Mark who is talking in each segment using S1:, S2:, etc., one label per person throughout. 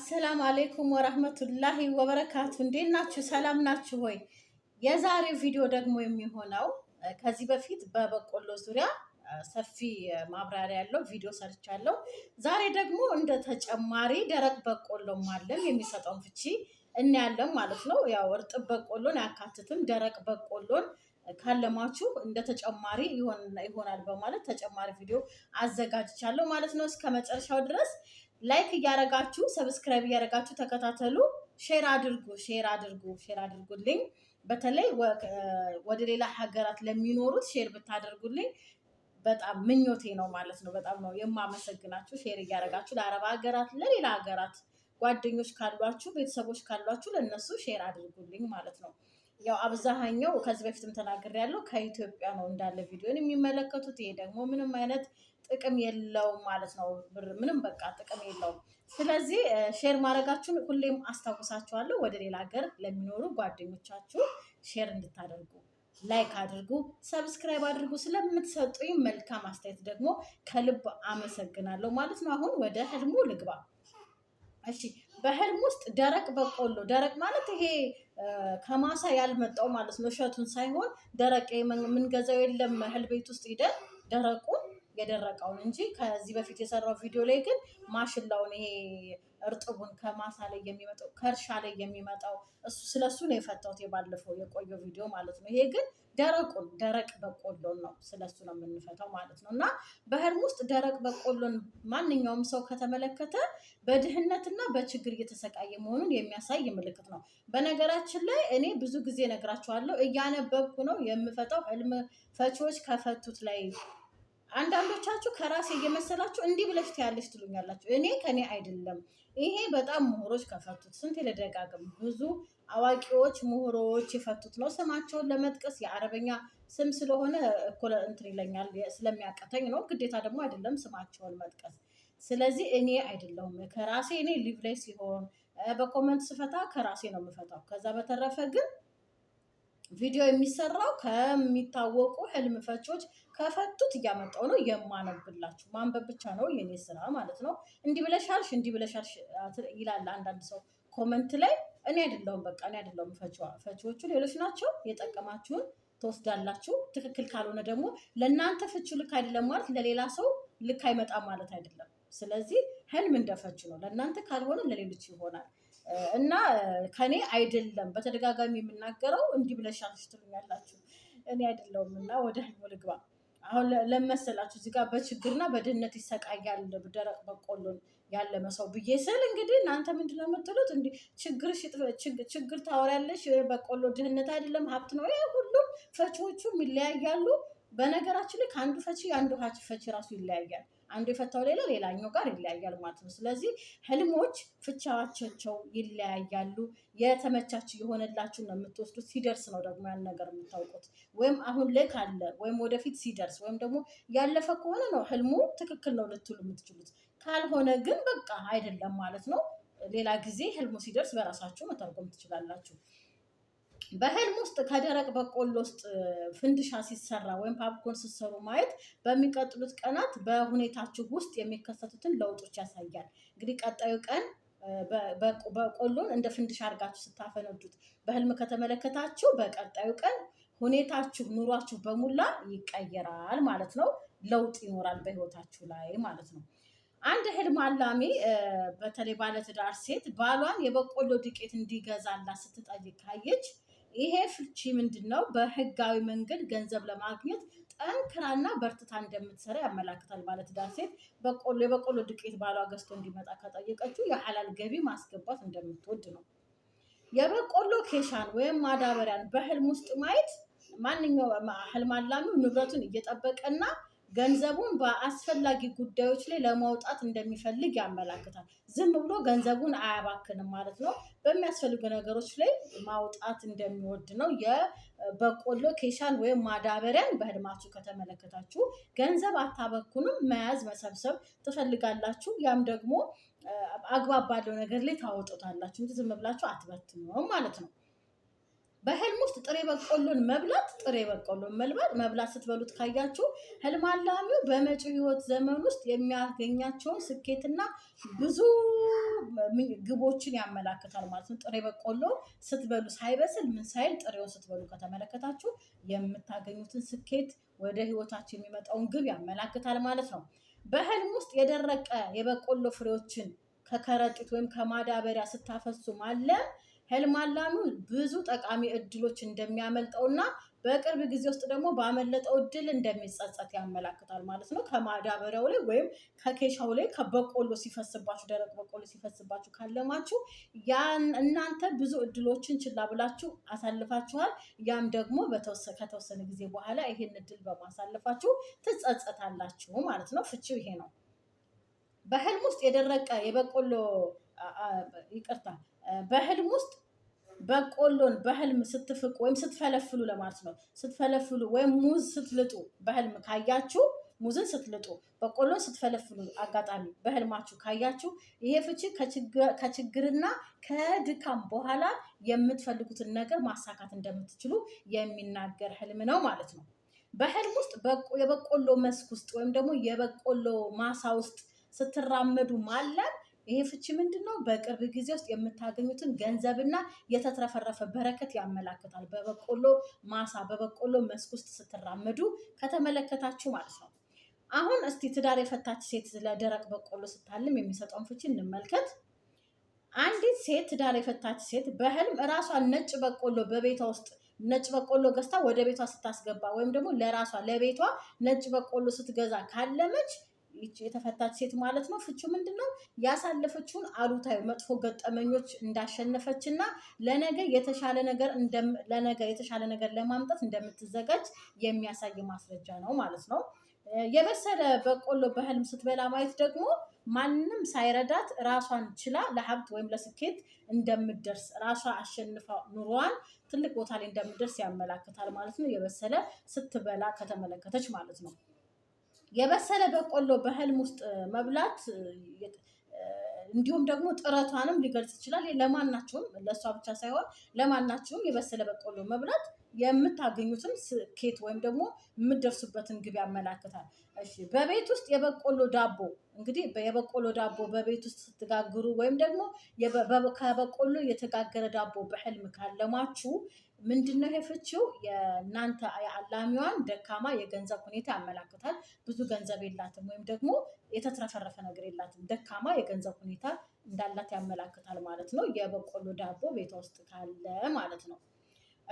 S1: አሰላም አሌይኩም ወረህመቱላሂ ወበረካቱ። እንዴት ናችሁ? ሰላም ናችሁ ሆይ? የዛሬው ቪዲዮ ደግሞ የሚሆነው ከዚህ በፊት በበቆሎ ዙሪያ ሰፊ ማብራሪያ ያለው ቪዲዮ ሰርቻለሁ። ዛሬ ደግሞ እንደ ተጨማሪ ደረቅ በቆሎም አለን የሚሰጠውን ፍቺ እናያለን ማለት ነው። ያው እርጥብ በቆሎን አያካትትም። ደረቅ በቆሎን ካለማችሁ እንደ ተጨማሪ ይሆናል በማለት ተጨማሪ ቪዲዮ አዘጋጅቻለሁ ማለት ነው። እስከ መጨረሻው ድረስ ላይክ እያደረጋችሁ ሰብስክራይብ እያደረጋችሁ ተከታተሉ። ሼር አድርጉ ሼር አድርጉ ሼር አድርጉልኝ። በተለይ ወደ ሌላ ሀገራት ለሚኖሩት ሼር ብታደርጉልኝ በጣም ምኞቴ ነው ማለት ነው። በጣም ነው የማመሰግናችሁ። ሼር እያደረጋችሁ ለአረብ ሀገራት፣ ለሌላ ሀገራት ጓደኞች ካሏችሁ፣ ቤተሰቦች ካሏችሁ ለእነሱ ሼር አድርጉልኝ ማለት ነው። ያው አብዛኛው ከዚህ በፊትም ተናግር ያለው ከኢትዮጵያ ነው እንዳለ ቪዲዮን የሚመለከቱት። ይሄ ደግሞ ምንም አይነት ጥቅም የለውም ማለት ነው። ብር ምንም በቃ ጥቅም የለውም። ስለዚህ ሼር ማድረጋችሁን ሁሌም አስታውሳችኋለሁ። ወደ ሌላ ሀገር ለሚኖሩ ጓደኞቻችሁ ሼር እንድታደርጉ፣ ላይክ አድርጉ፣ ሰብስክራይብ አድርጉ። ስለምትሰጡኝ መልካም አስተያየት ደግሞ ከልብ አመሰግናለሁ ማለት ነው። አሁን ወደ ህልሙ ልግባ። እሺ፣ በህልም ውስጥ ደረቅ በቆሎ ደረቅ ማለት ይሄ ከማሳ ያልመጣው ማለት ነው። እሸቱን ሳይሆን ደረቅ የምንገዛው የለም። እህል ቤት ውስጥ ሂደን ደረቁን የደረቀውን እንጂ ከዚህ በፊት የሰራው ቪዲዮ ላይ ግን ማሽላውን ይሄ እርጥቡን ከማሳ ላይ የሚመጣው ከእርሻ ላይ የሚመጣው እሱ ስለሱ ነው የፈታሁት የባለፈው የቆየው ቪዲዮ ማለት ነው። ይሄ ግን ደረቁን ደረቅ በቆሎን ነው ስለሱ ነው የምንፈታው ማለት ነው። እና በህልም ውስጥ ደረቅ በቆሎን ማንኛውም ሰው ከተመለከተ በድህነትና በችግር እየተሰቃየ መሆኑን የሚያሳይ ምልክት ነው። በነገራችን ላይ እኔ ብዙ ጊዜ ነግራችኋለሁ፣ እያነበብኩ ነው የምፈታው። ህልም ፈቺዎች ከፈቱት ላይ አንዳንዶቻችሁ ከራሴ እየመሰላችሁ እንዲህ ብለሽ ትያለሽ ትሉኛላችሁ። እኔ ከኔ አይደለም ይሄ በጣም ምሁሮች ከፈቱት ስንት ልደጋግም ብዙ አዋቂዎች፣ ምሁሮች የፈቱት ነው። ስማቸውን ለመጥቀስ የአረበኛ ስም ስለሆነ እኮለ እንትን ይለኛል ስለሚያቀተኝ ነው። ግዴታ ደግሞ አይደለም ስማቸውን መጥቀስ። ስለዚህ እኔ አይደለሁም ከራሴ እኔ ሊቭ ላይ ሲሆን በኮመንት ስፈታ ከራሴ ነው የምፈታው። ከዛ በተረፈ ግን ቪዲዮ የሚሰራው ከሚታወቁ ህልም ፈቾች ከፈቱት እያመጣው ነው የማነብላችሁ። ማንበብ ብቻ ነው የኔ ስራ ማለት ነው። እንዲህ ብለሻልሽ፣ እንዲህ ብለሻልሽ ይላል አንዳንድ ሰው ኮመንት ላይ እኔ አይደለሁም በቃ እኔ አይደለሁም ፈቺዎቹ ሌሎች ናቸው። የጠቀማችሁን ትወስዳላችሁ። ትክክል ካልሆነ ደግሞ ለእናንተ ፍቹ ልክ አይደለም ማለት ለሌላ ሰው ልክ አይመጣም ማለት አይደለም። ስለዚህ ህልም እንደፈች ነው። ለእናንተ ካልሆነ ለሌሎች ይሆናል እና ከኔ አይደለም በተደጋጋሚ የምናገረው እንዲህ ብለሻል ትሉኛላችሁ። እኔ አይደለሁም እና ወደ ህልሙ ልግባ። አሁን ለመሰላችሁ እዚህ ጋር በችግርና በድህነት ይሰቃያል ደረቅ በቆሎን ያለመ ሰው ብዬ ስል እንግዲህ እናንተ ምንድን ነው የምትሉት? እንዲህ ችግር ችግር ታወሪያለሽ፣ በቆሎ ድህነት አይደለም ሀብት ነው። ይሄ ሁሉም ፈቺዎቹ ይለያያሉ። በነገራችን ላይ ከአንዱ ፈቺ የአንዱ ፈቺ ራሱ ይለያያል። አንዱ የፈታው ሌላ ሌላኛው ጋር ይለያያል ማለት ነው። ስለዚህ ህልሞች ፍቻቸው ይለያያሉ። የተመቻች የሆነላችሁ ነው የምትወስዱት። ሲደርስ ነው ደግሞ ያን ነገር የምታውቁት። ወይም አሁን ላይ ካለ ወይም ወደፊት ሲደርስ ወይም ደግሞ ያለፈ ከሆነ ነው ህልሙ ትክክል ነው ልትሉ የምትችሉት። ካልሆነ ግን በቃ አይደለም ማለት ነው። ሌላ ጊዜ ህልሙ ሲደርስ በራሳችሁ መተርጎም ትችላላችሁ። በህልም ውስጥ ከደረቅ በቆሎ ውስጥ ፍንድሻ ሲሰራ ወይም ፓፕኮርን ሲሰሩ ማየት በሚቀጥሉት ቀናት በሁኔታችሁ ውስጥ የሚከሰቱትን ለውጦች ያሳያል። እንግዲህ ቀጣዩ ቀን በቆሎን እንደ ፍንድሻ አድርጋችሁ ስታፈነዱት በህልም ከተመለከታችሁ በቀጣዩ ቀን ሁኔታችሁ፣ ኑሯችሁ በሙላ ይቀየራል ማለት ነው። ለውጥ ይኖራል በህይወታችሁ ላይ ማለት ነው። አንድ ህልም አላሚ በተለይ ባለትዳር ሴት ባሏን የበቆሎ ዱቄት እንዲገዛላት ስትጠይቅ ካየች ይሄ ፍቺ ምንድን ነው? በህጋዊ መንገድ ገንዘብ ለማግኘት ጠንክራና በርትታ እንደምትሰራ ያመላክታል። ባለትዳር ሴት የበቆሎ ዱቄት ባሏ ገዝቶ እንዲመጣ ከጠየቀችው የሐላል ገቢ ማስገባት እንደምትወድ ነው። የበቆሎ ኬሻን ወይም ማዳበሪያን በህልም ውስጥ ማየት ማንኛው ህልም አላሚው ንብረቱን እየጠበቀና ገንዘቡን በአስፈላጊ ጉዳዮች ላይ ለማውጣት እንደሚፈልግ ያመላክታል። ዝም ብሎ ገንዘቡን አያባክንም ማለት ነው። በሚያስፈልጉ ነገሮች ላይ ማውጣት እንደሚወድ ነው። የበቆሎ ኬሻን ወይም ማዳበሪያን በህልማችሁ ከተመለከታችሁ ገንዘብ አታበኩንም መያዝ መሰብሰብ ትፈልጋላችሁ። ያም ደግሞ አግባብ ባለው ነገር ላይ ታወጡታላችሁ። ዝም ብላችሁ አትበትኑም ማለት ነው። በህልም ውስጥ ጥሬ በቆሎን መብላት ጥሬ በቆሎን መልባት መብላት ስትበሉት ካያችሁ ህልም አላሚው በመጪው ህይወት ዘመን ውስጥ የሚያገኛቸውን ስኬትና ብዙ ግቦችን ያመላክታል ማለት ነው። ጥሬ በቆሎ ስትበሉ ሳይበስል ምን ሳይል ጥሬውን ስትበሉ ከተመለከታችሁ የምታገኙትን ስኬት ወደ ህይወታችሁ የሚመጣውን ግብ ያመላክታል ማለት ነው። በህልም ውስጥ የደረቀ የበቆሎ ፍሬዎችን ከከረጢት ወይም ከማዳበሪያ ስታፈሱ ማለም ህልም አላሚው ብዙ ጠቃሚ እድሎች እንደሚያመልጠውና በቅርብ ጊዜ ውስጥ ደግሞ ባመለጠው እድል እንደሚጸጸት ያመላክታል ማለት ነው። ከማዳበሪያው ላይ ወይም ከኬሻው ላይ ከበቆሎ ሲፈስባችሁ፣ ደረቅ በቆሎ ሲፈስባችሁ ካለማችሁ እናንተ ብዙ እድሎችን ችላ ብላችሁ አሳልፋችኋል። ያም ደግሞ ከተወሰነ ጊዜ በኋላ ይሄን እድል በማሳልፋችሁ ትጸጸታላችሁ ማለት ነው። ፍቺው ይሄ ነው። በህልም ውስጥ የደረቀ የበቆሎ ይቅርታል በህልም ውስጥ በቆሎን በህልም ስትፍቅ ወይም ስትፈለፍሉ ለማለት ነው። ስትፈለፍሉ ወይም ሙዝ ስትልጡ በህልም ካያችሁ ሙዝን ስትልጡ በቆሎን ስትፈለፍሉ አጋጣሚ በህልማችሁ ካያችሁ ይሄ ፍቺ ከችግርና ከድካም በኋላ የምትፈልጉትን ነገር ማሳካት እንደምትችሉ የሚናገር ህልም ነው ማለት ነው። በህልም ውስጥ የበቆሎ መስክ ውስጥ ወይም ደግሞ የበቆሎ ማሳ ውስጥ ስትራመዱ ማለም ይሄ ፍቺ ምንድን ነው? በቅርብ ጊዜ ውስጥ የምታገኙትን ገንዘብና የተትረፈረፈ በረከት ያመላክታል። በበቆሎ ማሳ፣ በበቆሎ መስክ ውስጥ ስትራመዱ ከተመለከታችሁ ማለት ነው። አሁን እስቲ ትዳር የፈታች ሴት ለደረቅ በቆሎ ስታልም የሚሰጠውን ፍቺ እንመልከት። አንዲት ሴት ትዳር የፈታች ሴት በህልም እራሷን ነጭ በቆሎ በቤቷ ውስጥ ነጭ በቆሎ ገዝታ ወደ ቤቷ ስታስገባ ወይም ደግሞ ለራሷ ለቤቷ ነጭ በቆሎ ስትገዛ ካለመች የተፈታች ሴት ማለት ነው። ፍቹ ምንድን ነው? ያሳለፈችውን አሉታዊ መጥፎ ገጠመኞች እንዳሸነፈች እና ለነገ የተሻለ ነገር ለነገ የተሻለ ነገር ለማምጣት እንደምትዘጋጅ የሚያሳይ ማስረጃ ነው ማለት ነው። የበሰለ በቆሎ በህልም ስትበላ ማየት ደግሞ ማንም ሳይረዳት ራሷን ችላ ለሀብት ወይም ለስኬት እንደምደርስ ራሷ አሸንፋ ኑሯዋን ትልቅ ቦታ ላይ እንደምደርስ ያመላክታል ማለት ነው። የበሰለ ስትበላ ከተመለከተች ማለት ነው። የበሰለ በቆሎ በህልም ውስጥ መብላት እንዲሁም ደግሞ ጥረቷንም ሊገልጽ ይችላል። ለማናቸውም ለእሷ ብቻ ሳይሆን ለማናቸውም የበሰለ በቆሎ መብላት የምታገኙትን ስኬት ወይም ደግሞ የምትደርሱበትን ግብ ያመላክታል። በቤት ውስጥ የበቆሎ ዳቦ እንግዲህ የበቆሎ ዳቦ በቤት ውስጥ ስትጋግሩ ወይም ደግሞ ከበቆሎ የተጋገረ ዳቦ በሕልም ካለማችሁ ምንድነው ይሄ የእናንተ የአላሚዋን ደካማ የገንዘብ ሁኔታ ያመላክታል። ብዙ ገንዘብ የላትም ወይም ደግሞ የተትረፈረፈ ነገር የላትም። ደካማ የገንዘብ ሁኔታ እንዳላት ያመላክታል ማለት ነው። የበቆሎ ዳቦ ቤቷ ውስጥ ካለ ማለት ነው።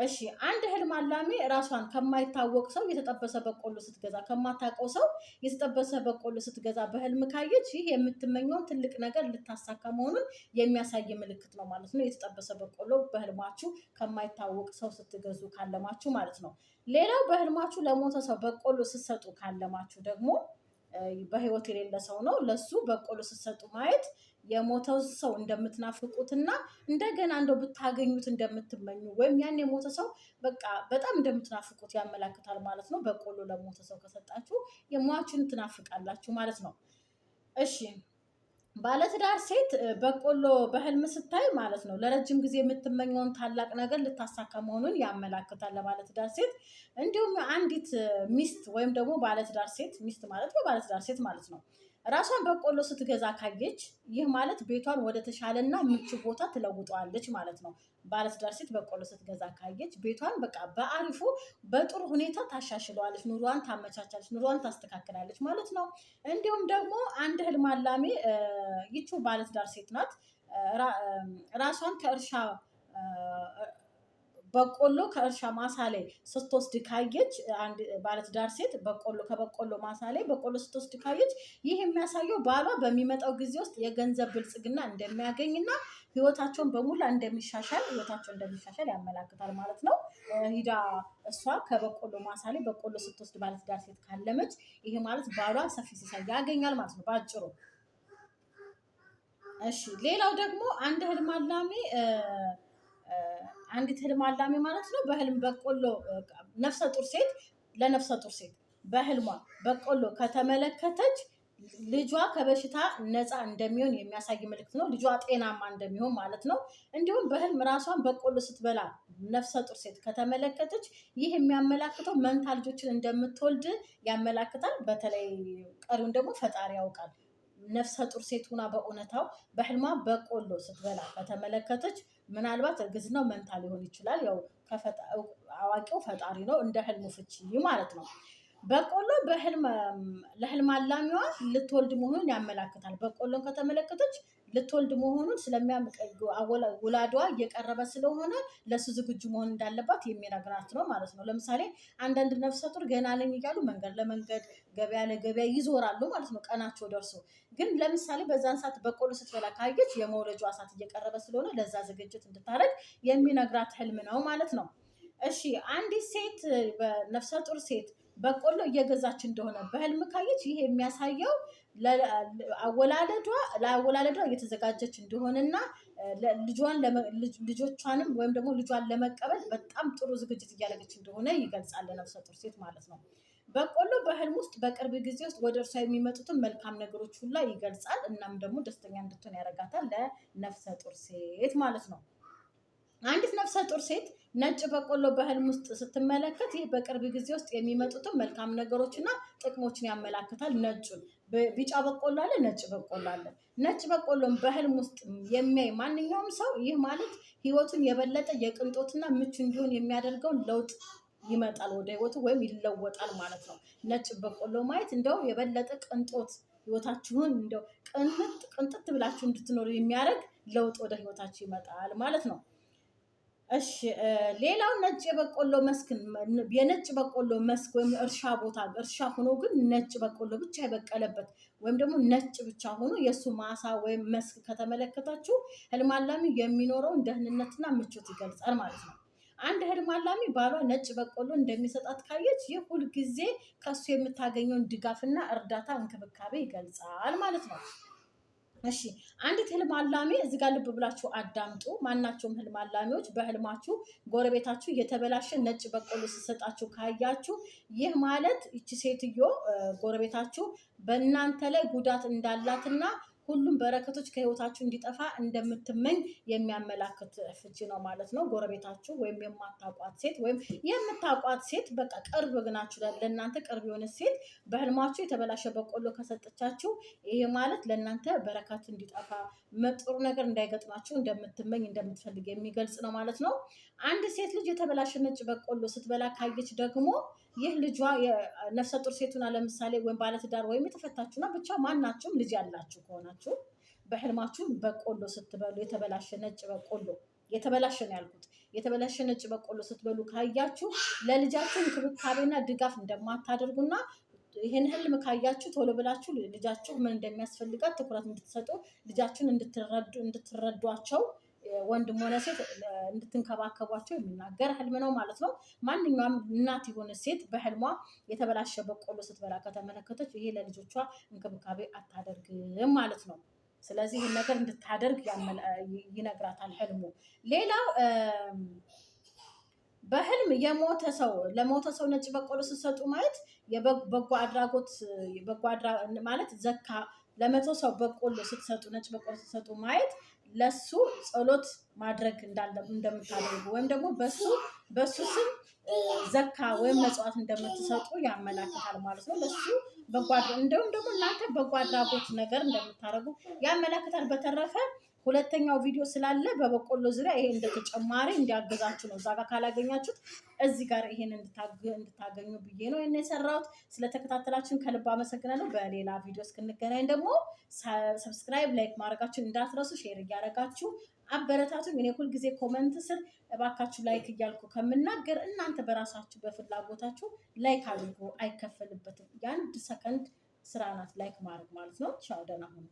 S1: እሺ አንድ ህልም አላሚ ራሷን ከማይታወቅ ሰው የተጠበሰ በቆሎ ስትገዛ፣ ከማታውቀው ሰው የተጠበሰ በቆሎ ስትገዛ በህልም ካየች ይህ የምትመኘውን ትልቅ ነገር ልታሳካ መሆኑን የሚያሳይ ምልክት ነው ማለት ነው። የተጠበሰ በቆሎ በህልማችሁ ከማይታወቅ ሰው ስትገዙ ካለማችሁ ማለት ነው። ሌላው በህልማችሁ ለሞተ ሰው በቆሎ ስትሰጡ ካለማችሁ ደግሞ በህይወት የሌለ ሰው ነው ለሱ በቆሎ ስትሰጡ ማየት የሞተው ሰው እንደምትናፍቁትና እንደገና እንደው ብታገኙት እንደምትመኙ ወይም ያን የሞተ ሰው በቃ በጣም እንደምትናፍቁት ያመላክታል ማለት ነው። በቆሎ ለሞተ ሰው ከሰጣችሁ የሟችን ትናፍቃላችሁ ማለት ነው። እሺ ባለትዳር ሴት በቆሎ በህልም ስታይ ማለት ነው ለረጅም ጊዜ የምትመኘውን ታላቅ ነገር ልታሳካ መሆኑን ያመላክታል። ለባለትዳር ሴት እንዲሁም አንዲት ሚስት ወይም ደግሞ ባለትዳር ሴት ሚስት ማለት ነው ባለትዳር ሴት ማለት ነው ራሷን በቆሎ ስትገዛ ካየች ይህ ማለት ቤቷን ወደ ተሻለና ምቹ ቦታ ትለውጠዋለች ማለት ነው። ባለትዳር ሴት በቆሎ ስትገዛ ካየች ቤቷን በቃ በአሪፉ በጥሩ ሁኔታ ታሻሽለዋለች፣ ኑሯን ታመቻቻለች፣ ኑሯን ታስተካክላለች ማለት ነው። እንዲሁም ደግሞ አንድ ህልም አላሜ ይቺው ባለትዳር ሴት ናት ራሷን ከእርሻ በቆሎ ከእርሻ ማሳ ላይ ስትወስድ ካየች አንድ ባለትዳር ሴት በቆሎ ከበቆሎ ማሳ ላይ በቆሎ ስትወስድ ካየች ይህ የሚያሳየው ባሏ በሚመጣው ጊዜ ውስጥ የገንዘብ ብልጽግና እንደሚያገኝና ህይወታቸውን በሙላ እንደሚሻሻል ህይወታቸው እንደሚሻሻል ያመላክታል ማለት ነው። ሂዳ እሷ ከበቆሎ ማሳ ላይ በቆሎ ስትወስድ ባለትዳር ሴት ካለመች ይሄ ማለት ባሏ ሰፊ ሲሳይ ያገኛል ማለት ነው በአጭሩ። እሺ ሌላው ደግሞ አንድ ህልም አንዲት ህልም አላሚ ማለት ነው በህልም በቆሎ ነፍሰ ጡር ሴት ለነፍሰ ጡር ሴት በህልሟ በቆሎ ከተመለከተች ልጇ ከበሽታ ነፃ እንደሚሆን የሚያሳይ ምልክት ነው። ልጇ ጤናማ እንደሚሆን ማለት ነው። እንዲሁም በህልም ራሷን በቆሎ ስትበላ ነፍሰ ጡር ሴት ከተመለከተች ይህ የሚያመላክተው መንታ ልጆችን እንደምትወልድ ያመላክታል። በተለይ ቀሪውን ደግሞ ፈጣሪ ያውቃል። ነፍሰ ጡር ሴት ሁና በእውነታው በህልማ በቆሎ ስትበላ ከተመለከተች ምናልባት እርግዝናው መንታ ሊሆን ይችላል። ያው አዋቂው ፈጣሪ ነው፣ እንደ ህልሙ ፍቺ ማለት ነው። በቆሎ በህልም ለህልም አላሚዋ ልትወልድ መሆኑን ያመላክታል። በቆሎን ከተመለከተች ልትወልድ መሆኑን ስለሚያምቅ ወላዷ እየቀረበ ስለሆነ ለሱ ዝግጁ መሆን እንዳለባት የሚነግራት ነው ማለት ነው። ለምሳሌ አንዳንድ ነፍሰ ጡር ገና ለኝ እያሉ መንገድ ለመንገድ ገበያ ለገበያ ይዞራሉ ማለት ነው። ቀናቸው ደርሶ ግን ለምሳሌ በዛን ሰዓት በቆሎ ስትበላ ካየች የመውለጇ ሰዓት እየቀረበ ስለሆነ ለዛ ዝግጅት እንድታደርግ የሚነግራት ህልም ነው ማለት ነው። እሺ አንዲት ሴት ነፍሰ ጡር ሴት በቆሎ እየገዛች እንደሆነ በህልም ካየች ይሄ የሚያሳየው ለአወላለዷ እየተዘጋጀች እንደሆነና ልጆቿንም ወይም ደግሞ ልጇን ለመቀበል በጣም ጥሩ ዝግጅት እያደረገች እንደሆነ ይገልጻል። ለነፍሰ ጡር ሴት ማለት ነው። በቆሎ በህልም ውስጥ በቅርብ ጊዜ ውስጥ ወደ እርሷ የሚመጡትን መልካም ነገሮች ሁላ ይገልጻል። እናም ደግሞ ደስተኛ እንድትሆን ያደርጋታል ለነፍሰ ጡር ሴት ማለት ነው። አንዲት ነፍሰ ጡር ሴት ነጭ በቆሎ በህልም ውስጥ ስትመለከት ይህ በቅርብ ጊዜ ውስጥ የሚመጡትን መልካም ነገሮችና ጥቅሞችን ያመላክታል። ነጩን ቢጫ በቆሎ አለ፣ ነጭ በቆሎ አለ። ነጭ በቆሎን በህልም ውስጥ የሚያይ ማንኛውም ሰው ይህ ማለት ህይወቱን የበለጠ የቅንጦትና ምቹ እንዲሆን የሚያደርገውን ለውጥ ይመጣል ወደ ህይወቱ ወይም ይለወጣል ማለት ነው። ነጭ በቆሎ ማየት እንደው የበለጠ ቅንጦት ህይወታችሁን እንደው ቅንጥ ቅንጥት ብላችሁ እንድትኖሩ የሚያደርግ ለውጥ ወደ ህይወታችሁ ይመጣል ማለት ነው። እሺ ሌላው ነጭ የበቆሎ መስክ የነጭ በቆሎ መስክ ወይም እርሻ ቦታ እርሻ ሆኖ ግን ነጭ በቆሎ ብቻ የበቀለበት ወይም ደግሞ ነጭ ብቻ ሆኖ የእሱ ማሳ ወይም መስክ ከተመለከታችሁ ህልም አላሚው የሚኖረውን ደህንነትና ምቾት ይገልጻል ማለት ነው። አንድ ህልም አላሚ ባሏ ነጭ በቆሎ እንደሚሰጣት ካየች ይህ ሁልጊዜ ከእሱ የምታገኘውን ድጋፍና እርዳታ እንክብካቤ ይገልጻል ማለት ነው። እሺ አንዲት ህልም አላሚ እዚህ ጋር ልብ ብላችሁ አዳምጡ። ማናቸውም ህልም አላሚዎች በህልማችሁ ጎረቤታችሁ የተበላሸ ነጭ በቆሎ ሲሰጣችሁ ካያችሁ ይህ ማለት ይቺ ሴትዮ ጎረቤታችሁ በእናንተ ላይ ጉዳት እንዳላትና ሁሉም በረከቶች ከህይወታችሁ እንዲጠፋ እንደምትመኝ የሚያመላክት ፍቺ ነው ማለት ነው። ጎረቤታችሁ ወይም የማታውቋት ሴት ወይም የምታውቋት ሴት በቃ ቅርብ ግናችሁ ለእናንተ ቅርብ የሆነ ሴት በህልማችሁ የተበላሸ በቆሎ ከሰጠቻችሁ ይሄ ማለት ለእናንተ በረከት እንዲጠፋ መጥሩ ነገር እንዳይገጥማችሁ እንደምትመኝ እንደምትፈልግ የሚገልጽ ነው ማለት ነው። አንድ ሴት ልጅ የተበላሸ ነጭ በቆሎ ስትበላ ካየች ደግሞ ይህ ልጇ ነፍሰ ጡር ሴቱና ለምሳሌ ወይም ባለትዳር ወይም የተፈታችሁና ብቻ ማናችሁም ልጅ ያላችሁ ከሆናችሁ በህልማችሁም በቆሎ ስትበሉ የተበላሸ ነጭ በቆሎ የተበላሸ ነው ያልኩት፣ የተበላሸ ነጭ በቆሎ ስትበሉ ካያችሁ ለልጃችሁ እንክብካቤና ድጋፍ እንደማታደርጉና ይህን ህልም ካያችሁ ቶሎ ብላችሁ ልጃችሁ ምን እንደሚያስፈልጋት ትኩረት እንድትሰጡ ልጃችሁን እንድትረዷቸው ወንድም ሆነ ሴት እንድትንከባከቧቸው የሚናገር ህልም ነው ማለት ነው። ማንኛውም እናት የሆነ ሴት በህልሟ የተበላሸ በቆሎ ስትበላ ከተመለከተች ይሄ ለልጆቿ እንክብካቤ አታደርግም ማለት ነው። ስለዚህ ይህን ነገር እንድታደርግ ይነግራታል ህልሙ። ሌላው በህልም የሞተ ሰው ለሞተ ሰው ነጭ በቆሎ ስትሰጡ ማለት በጎ አድራጎት ማለት ዘካ ለመቶ ሰው በቆሎ ስትሰጡ ነጭ በቆሎ ስትሰጡ ማየት ለሱ ጸሎት ማድረግ እንደምታደርጉ ወይም ደግሞ በሱ በሱ ስም ዘካ ወይም መጽዋት እንደምትሰጡ ያመላክታል ማለት ነው። ለሱ በጎ እንደውም ደግሞ እናንተ በጎ አድራጎት ነገር እንደምታደርጉ ያመላክታል። በተረፈ ሁለተኛው ቪዲዮ ስላለ በበቆሎ ዙሪያ ይሄ እንደተጨማሪ እንዲያገዛችሁ ነው። እዛ ጋር ካላገኛችሁት እዚህ ጋር ይሄን እንድታገኙ ብዬ ነው ይሄን የሰራሁት። ስለተከታተላችሁን ከልብ አመሰግናለሁ። በሌላ ቪዲዮ እስክንገናኝ ደግሞ ሰብስክራይብ፣ ላይክ ማድረጋችሁን እንዳትረሱ። ሼር እያደረጋችሁ አበረታቱኝ። እኔ ሁልጊዜ ኮመንት ስር እባካችሁ ላይክ እያልኩ ከምናገር እናንተ በራሳችሁ በፍላጎታችሁ ላይክ አድርጎ አይከፈልበትም። የአንድ ሰከንድ ስራ ናት ላይክ ማድረግ ማለት ነው። ቻው ደህና ሁኑ።